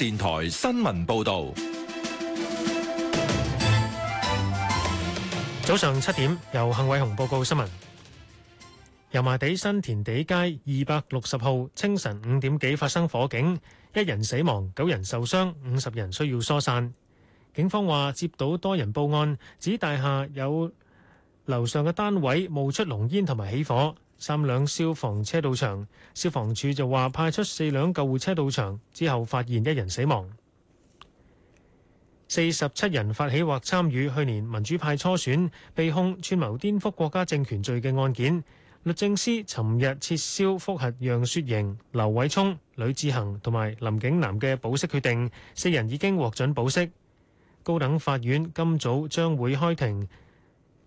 電台新聞報道：早上七點，由幸偉雄報告新聞。油麻地新填地街二百六十號清晨五點幾發生火警，一人死亡，九人受傷，五十人需要疏散。警方話接到多人報案，指大廈有樓上嘅單位冒出濃煙同埋起火。三輛消防車到場，消防處就話派出四輛救護車到場，之後發現一人死亡。四十七人發起或參與去年民主派初選，被控串謀顛覆國家政權罪嘅案件，律政司尋日撤銷覆核楊雪盈、劉偉聰、呂志恆同埋林景南嘅保釋決定，四人已經獲准保釋。高等法院今早將會開庭。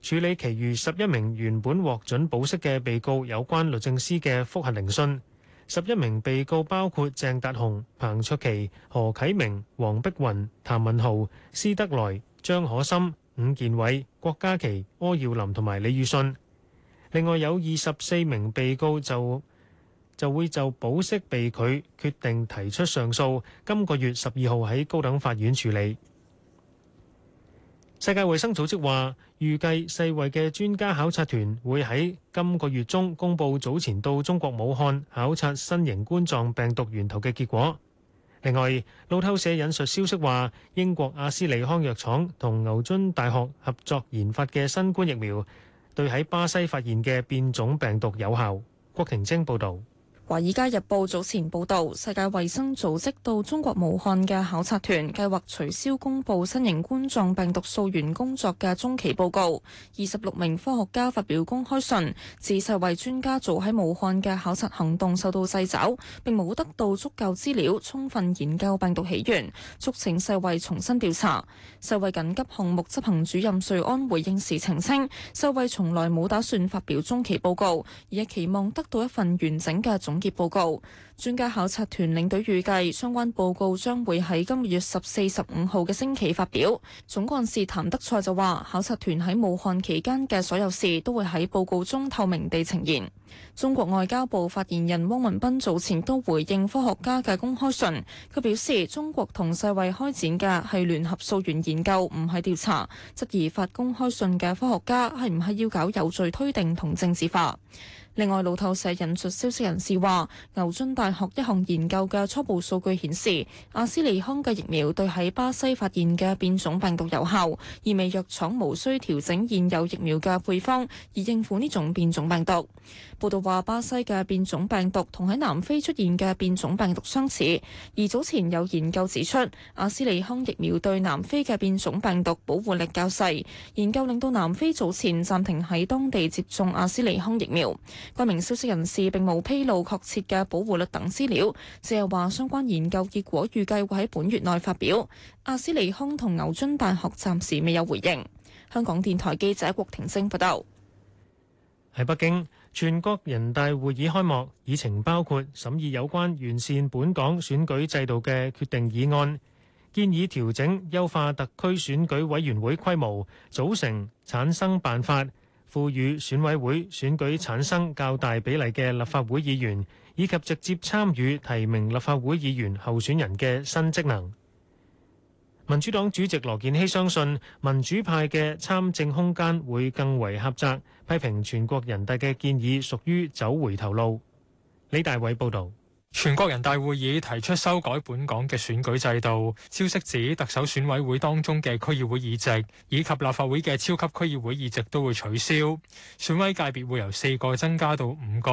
處理其餘十一名原本獲准保釋嘅被告有關律政司嘅覆核聆訊，十一名被告包括鄭達鴻、彭卓棋、何啟明、黃碧雲、譚文豪、施德來、張可森、伍健偉、郭家麒、柯耀林同埋李予信。另外有二十四名被告就就，就會就保釋被拒，決定提出上訴，今個月十二號喺高等法院處理。世界衛生組織話，預計世衛嘅專家考察團會喺今個月中公布早前到中國武漢考察新型冠狀病毒源頭嘅結果。另外，路透社引述消息話，英國阿斯利康藥廠同牛津大學合作研發嘅新冠疫苗，對喺巴西發現嘅變種病毒有效。郭婷晶報道。《華爾街日報》早前報道，世界衛生組織到中國武漢嘅考察團計劃取消公布新型冠狀病毒溯源工作嘅中期報告。二十六名科學家發表公開信，指世衛專家組喺武漢嘅考察行動受到掣肘，並冇得到足夠資料充分研究病毒起源，促請世衛重新調查。世衛緊急項目執行主任瑞安回應時澄清，世衛從來冇打算發表中期報告，而係期望得到一份完整嘅總結報告，專家考察團領隊預計相關報告將會喺今個月十四、十五號嘅星期發表。總幹事譚德塞就話，考察團喺武漢期間嘅所有事都會喺報告中透明地呈現。中國外交部發言人汪文斌早前都回應科學家嘅公開信，佢表示中國同世衛開展嘅係聯合溯源研究，唔係調查。質疑發公開信嘅科學家係唔係要搞有罪推定同政治化？另外，路透社引述消息人士話牛津大學一項研究嘅初步數據顯示，阿斯利康嘅疫苗對喺巴西發現嘅變種病毒有效，意味藥廠無需調整現有疫苗嘅配方而應付呢種變種病毒。報道話巴西嘅變種病毒同喺南非出現嘅變種病毒相似，而早前有研究指出，阿斯利康疫苗對南非嘅變種病毒保護力較細，研究令到南非早前暫停喺當地接種阿斯利康疫苗。該名消息人士並冇披露確切嘅保護率等資料，只係話相關研究結果預計會喺本月內發表。阿斯利康同牛津大學暫時未有回應。香港電台記者郭婷晶報道。喺北京，全國人大會議開幕，議程包括審議有關完善本港選舉制度嘅決定議案，建議調整優化特區選舉委員會規模、組成、產生辦法。賦予選委會選舉產生較大比例嘅立法會議員，以及直接參與提名立法會議員候選人嘅新職能。民主黨主席羅健熙相信民主派嘅參政空間會更為狹窄，批評全國人大嘅建議屬於走回頭路。李大偉報導。全國人大會議提出修改本港嘅選舉制度。消息指，特首選委會當中嘅區議會議席以及立法會嘅超級區議會議席都會取消，選委界別會由四個增加到五個，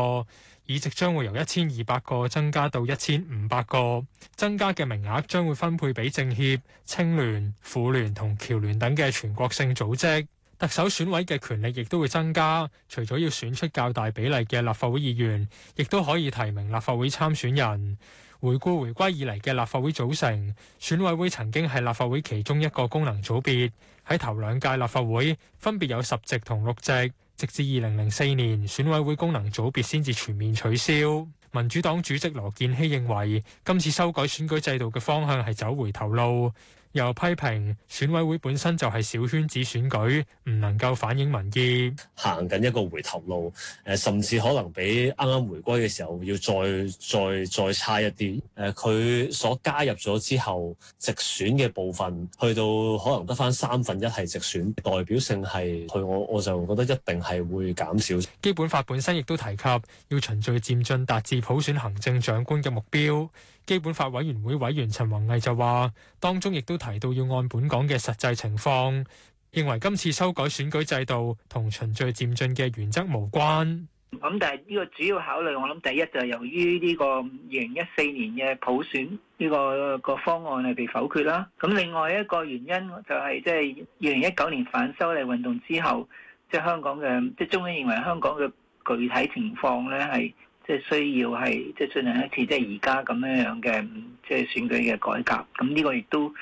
議席將會由一千二百個增加到一千五百個，增加嘅名額將會分配俾政協、青聯、婦聯同僑聯等嘅全國性組織。特首選委嘅權力亦都會增加，除咗要選出較大比例嘅立法會議員，亦都可以提名立法會參選人。回顧回歸以嚟嘅立法會組成，選委會曾經係立法會其中一個功能組別，喺頭兩屆立法會分別有十席同六席，直至二零零四年，選委會功能組別先至全面取消。民主黨主席羅建熙認為，今次修改選舉制度嘅方向係走回頭路。又批評選委會本身就係小圈子選舉，唔能夠反映民意。行緊一個回頭路，誒，甚至可能比啱啱回歸嘅時候要再再再差一啲。誒、呃，佢所加入咗之後，直選嘅部分去到可能得返三分一係直選，代表性係，佢我我就覺得一定係會減少。基本法本身亦都提及，要循序漸進達至普選行政長官嘅目標。基本法委員會委員陳弘毅就話，當中亦都提到要按本港嘅實際情況，認為今次修改選舉制度同循序漸進嘅原則無關。咁但係呢個主要考慮，我諗第一就係由於呢個二零一四年嘅普選呢個個方案係被否決啦。咁另外一個原因就係即係二零一九年反修例運動之後，即係香港嘅即係中央認為香港嘅具體情況咧係。即係需要係即係進行一次即係而家咁樣樣嘅即係選舉嘅改革。咁呢個亦都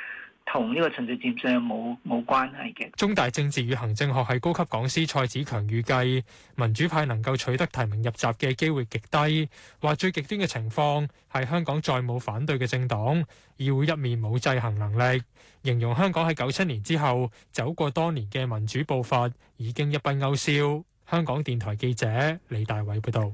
同呢個陳序占上冇冇關係嘅。中大政治與行政學系高級講師蔡子強預計民主派能夠取得提名入閘嘅機會極低，話最極端嘅情況，係香港再冇反對嘅政黨，議會一面冇制衡能力，形容香港喺九七年之後走過多年嘅民主步伐已經一筆勾銷，香港電台記者李大偉報道。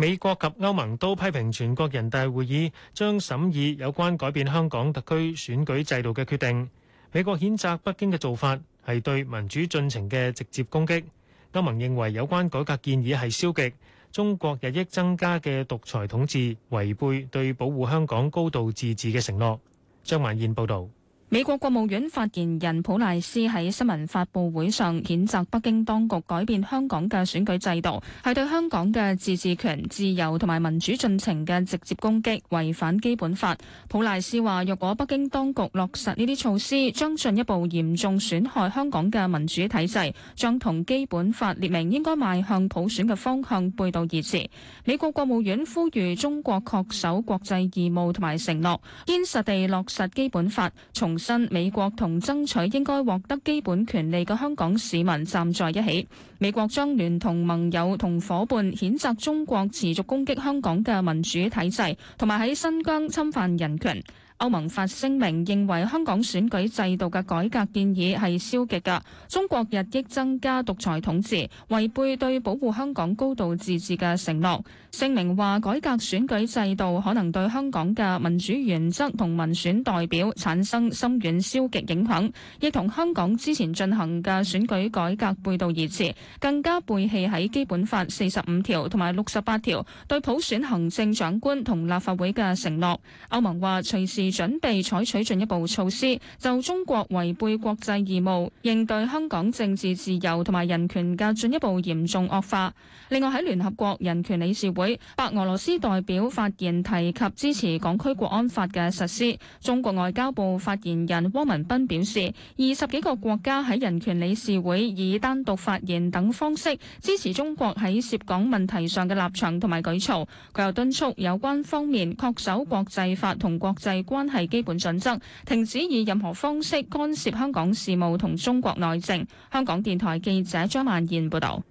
美國及歐盟都批評全國人大會議將審議有關改變香港特區選舉制度嘅決定。美國譴責北京嘅做法係對民主進程嘅直接攻擊。歐盟認為有關改革建議係消極，中國日益增加嘅獨裁統治違背對保護香港高度自治嘅承諾。張萬燕報導。美國國務院發言人普賴斯喺新聞發佈會上譴責北京當局改變香港嘅選舉制度，係對香港嘅自治權、自由同埋民主進程嘅直接攻擊，違反基本法。普賴斯話：若果北京當局落實呢啲措施，將進一步嚴重損害香港嘅民主體制，將同基本法列明應該邁向普選嘅方向背道而馳。美國國務院呼籲中國恪守國際義務同埋承諾，堅實地落實基本法，從新美國同爭取應該獲得基本權利嘅香港市民站在一起。美國將聯同盟友同夥伴譴責中國持續攻擊香港嘅民主體制，同埋喺新疆侵犯人權。歐盟發聲明認為香港選舉制度嘅改革建議係消極嘅，中國日益增加獨裁統治，違背對保護香港高度自治嘅承諾。聲明話，改革選舉制度可能對香港嘅民主原則同民選代表產生深遠消極影響，亦同香港之前進行嘅選舉改革背道而馳，更加背棄喺《基本法》四十五條同埋六十八條對普選行政長官同立法會嘅承諾。歐盟話，隨時準備採取進一步措施，就中國違背國際義務、應對香港政治自由同埋人權嘅進一步嚴重惡化。另外，喺聯合國人權理事會，白俄羅斯代表發言提及支持港區國安法嘅實施。中國外交部發言人汪文斌表示，二十幾個國家喺人權理事會以單獨發言等方式支持中國喺涉港問題上嘅立場同埋舉措。佢又敦促有關方面恪守國際法同國際關。關係基本準則，停止以任何方式干涉香港事務同中國內政。香港電台記者張曼燕報道。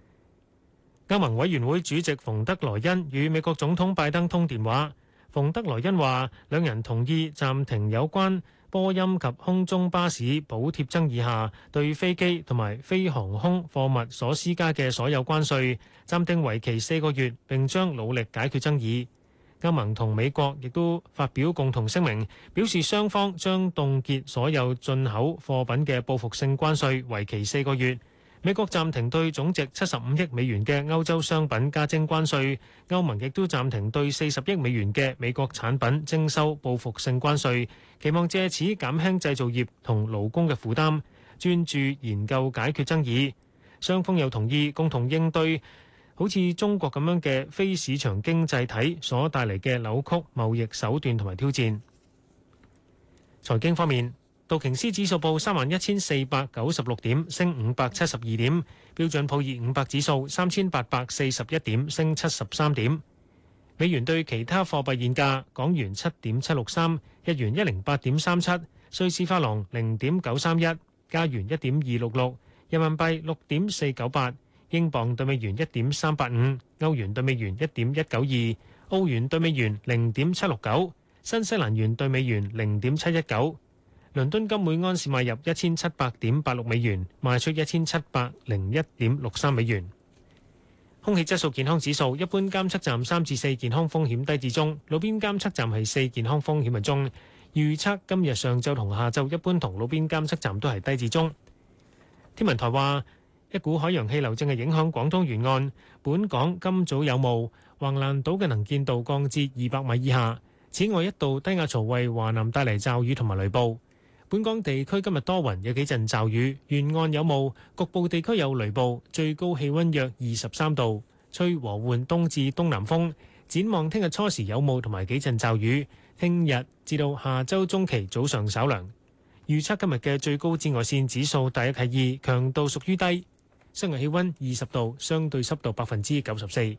歐盟委員會主席馮德萊恩與美國總統拜登通電話，馮德萊恩話兩人同意暫停有關波音及空中巴士補貼爭議下對飛機同埋非航空貨物所施加嘅所有關稅，暫定為期四個月，並將努力解決爭議。歐盟同美國亦都發表共同聲明，表示雙方將凍結所有進口貨品嘅報復性關稅，為期四個月。美國暫停對總值七十五億美元嘅歐洲商品加徵關稅，歐盟亦都暫停對四十億美元嘅美國產品徵收報復性關稅，期望借此減輕製造業同勞工嘅負擔，專注研究解決爭議。雙方又同意共同應對好似中國咁樣嘅非市場經濟體所帶嚟嘅扭曲貿易手段同埋挑戰。財經方面，道瓊斯指數報三萬一千四百九十六點，升五百七十二點；標準普爾五百指數三千八百四十一點，升七十三點。美元對其他貨幣現價：港元七點七六三，日元一零八點三七，瑞士法郎零點九三一，加元一點二六六，人民幣六點四九八。英鎊兌美元一點三八五，歐元兌美元一點一九二，澳元兌美元零點七六九，新西蘭元兌美元零點七一九。倫敦金每安士買入一千七百點八六美元，賣出一千七百零一點六三美元。空氣質素健康指數，一般監測站三至四，健康風險低至中，路邊監測站係四，健康風險為中。預測今日上晝同下晝，一般同路邊監測站都係低至中。天文台話。一股海洋氣流正係影響廣東沿岸，本港今早有霧，橫瀾島嘅能見度降至二百米以下。此外，一道低壓槽為華南帶嚟驟雨同埋雷暴。本港地區今日多雲，有幾陣驟雨，沿岸有霧，局部地區有雷暴。最高氣溫約二十三度，吹和緩東至東南風。展望聽日初時有霧同埋幾陣驟雨，聽日至到下週中期早上稍涼。預測今日嘅最高紫外線指數大約係二，強度屬於低。室外氣溫二十度，相對濕度百分之九十四。